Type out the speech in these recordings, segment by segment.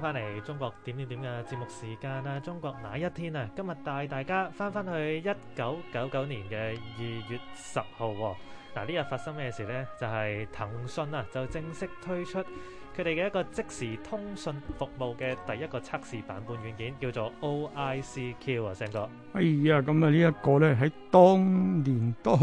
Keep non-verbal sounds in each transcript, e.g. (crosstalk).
翻返嚟中國點點點嘅節目時間啦！中國哪一天啊？今日帶大家翻返去一九九九年嘅二月十號喎。嗱，呢日發生咩事呢？就係騰訊啊，就正式推出。佢哋嘅一個即時通訊服務嘅第一個測試版本軟件叫做 OICQ 啊，成哥。哎呀，咁啊呢一個咧，喺當年當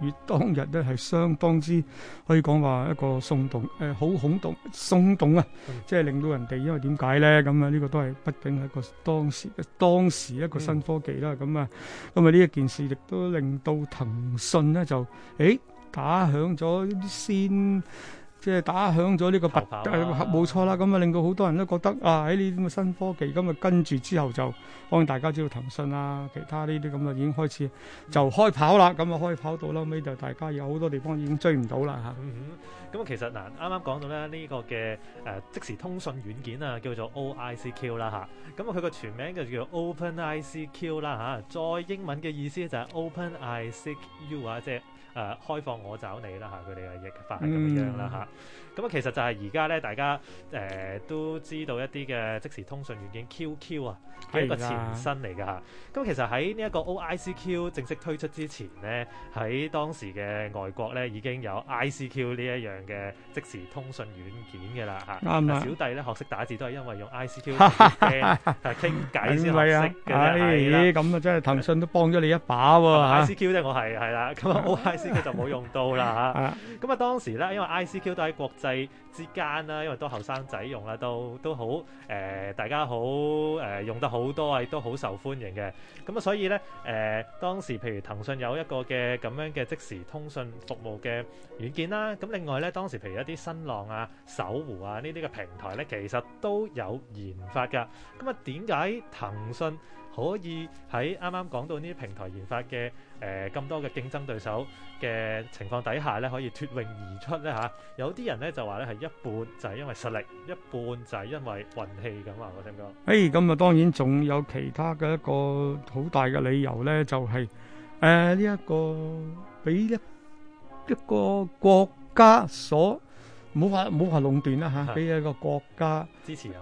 月、當日咧，係相當之可以講話一個鬆動誒，好、呃、恐動鬆動啊，嗯、即係令到人哋因為點解咧？咁啊呢個都係畢竟係一個當時當時一個新科技啦。咁、嗯、啊，咁啊呢一件事亦都令到騰訊咧就誒、欸、打響咗先。即係打響咗呢個白冇、啊呃、錯啦，咁啊令到好多人都覺得啊，喺呢啲咁嘅新科技，咁啊跟住之後就幫大家知道騰訊啦、啊，其他呢啲咁啊已經開始就開跑啦，咁啊開跑到啦尾就大家有好多地方已經追唔到啦咁、嗯嗯嗯嗯、其實嗱，啱啱講到咧呢個嘅、呃、即時通訊軟件啊，叫做 OICQ 啦，咁啊佢個全名就叫 OpenICQ 啦、啊、再英文嘅意思就係 OpenICQ 啊，即係誒、呃、開放我找你啦，佢哋嘅譯法係咁樣啦、嗯啊咁啊，其實就係而家咧，大家誒都知道一啲嘅即時通訊軟件 QQ 啊，係一個前身嚟噶吓。咁其實喺呢一個 OICQ 正式推出之前咧，喺當時嘅外國咧已經有 ICQ 呢一樣嘅即時通訊軟件噶啦吓。是是小弟咧學識打字都係因為用 ICQ 嘅傾偈先學識嘅。咦，咁啊真係騰訊都幫咗你一把喎、啊。ICQ 啫，我係係啦，咁啊 OICQ 就冇用到啦吓。咁 (laughs) 啊當時咧，因為 ICQ，都喺國際之間啦，因為都後生仔用啦，都都好誒，大家好誒，用得好多啊，亦都好受歡迎嘅。咁啊，所以咧誒，當時譬如騰訊有一個嘅咁樣嘅即時通訊服務嘅軟件啦，咁另外咧當時譬如一啲新浪啊、搜狐啊呢啲嘅平台咧，其實都有研發噶。咁啊，點解騰訊？可以喺啱啱講到呢啲平台研發嘅誒咁多嘅競爭對手嘅情況底下咧，可以脫穎而出咧嚇？有啲人咧就話咧係一半就係因為實力，一半就係因為運氣咁啊，我想講。誒咁啊，當然仲有其他嘅一個好大嘅理由咧，就係誒呢一個俾一一個國家所唔好話唔好話壟斷啦嚇，俾一個國家支持啊。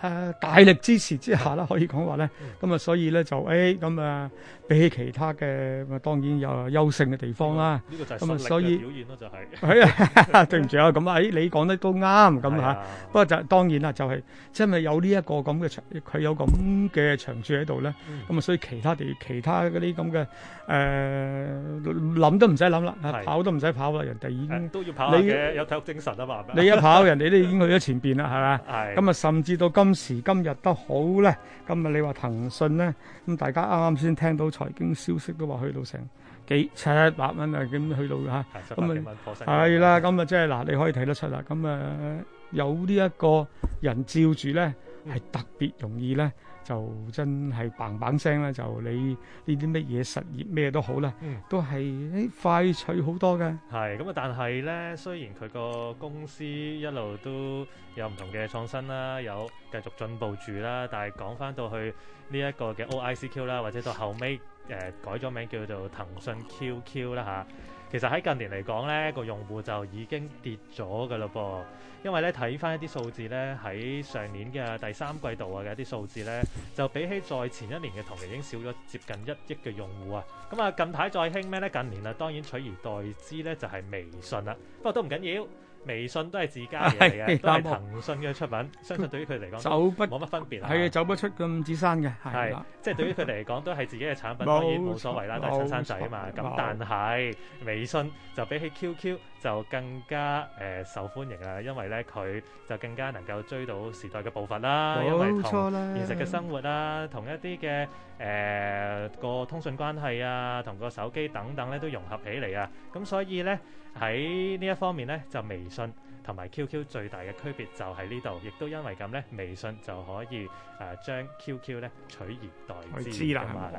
誒、uh，大力支持之下啦、嗯，可以講話咧，咁、嗯、啊，所以咧就誒，咁、哎、啊，比起其他嘅，咁啊，當然有優勝嘅地方啦。呢、這個這個就係實力表現咯、就是，就係。係、哎、 (laughs) (laughs) 不起 (laughs) 啊，對唔住啊，咁啊，誒，你講得都啱，咁吓。不過就當然啦，就係即係咪有呢一個咁嘅長，佢有咁嘅長處喺度咧。咁啊，所以其他地，其他嗰啲咁嘅誒。呃諗都唔使諗啦，跑都唔使跑啦，人哋已經都要跑你，有體育精神啊嘛。你一跑，人哋都已經去咗前邊啦，係咪？咁啊，甚至到今時今日都好咧。今日你話騰訊咧，咁大家啱啱先聽到財經消息都話去到成幾七百蚊啊，咁去到嚇。咁啊，係啦，咁啊，即係嗱，你可以睇得出啦。咁啊，有呢一個人照住咧，係特別容易咧。就真係棒棒聲啦！就你呢啲乜嘢實業咩都好啦，都係啲快脆好多嘅。係咁啊！但係呢，雖然佢個公司一路都有唔同嘅創新啦，有繼續進步住啦，但係講翻到去呢一個嘅 OICQ 啦，或者到後尾誒改咗名叫做騰訊 QQ 啦嚇。其實喺近年嚟講咧，個用戶就已經跌咗㗎喇噃，因為咧睇翻一啲數字咧，喺上年嘅第三季度啊嘅一啲數字咧，就比起再前一年嘅同期已經少咗接近一億嘅用戶啊。咁、嗯、啊，近排再興咩咧？近年啊，當然取而代之咧就係微信啦，不過都唔緊要。微信都係自家嘅嘢嚟，都係騰訊嘅出品。相信對於佢嚟講，走冇乜分別啊，係走不出咁子生嘅。係即係對於佢哋嚟講，都係自己嘅產品，當然冇所謂啦，都係親生仔啊嘛。咁但係微信就比起 QQ 就更加誒受歡迎啊，因為咧佢就更加能夠追到時代嘅步伐啦，因為同現實嘅生活啦，同一啲嘅誒個通訊關係啊，同個手機等等咧都融合起嚟啊。咁所以咧喺呢一方面咧就微同埋 QQ 最大嘅區別就喺呢度，亦都因為咁呢，微信就可以誒、呃、將 QQ 呢取而代之。啦。啊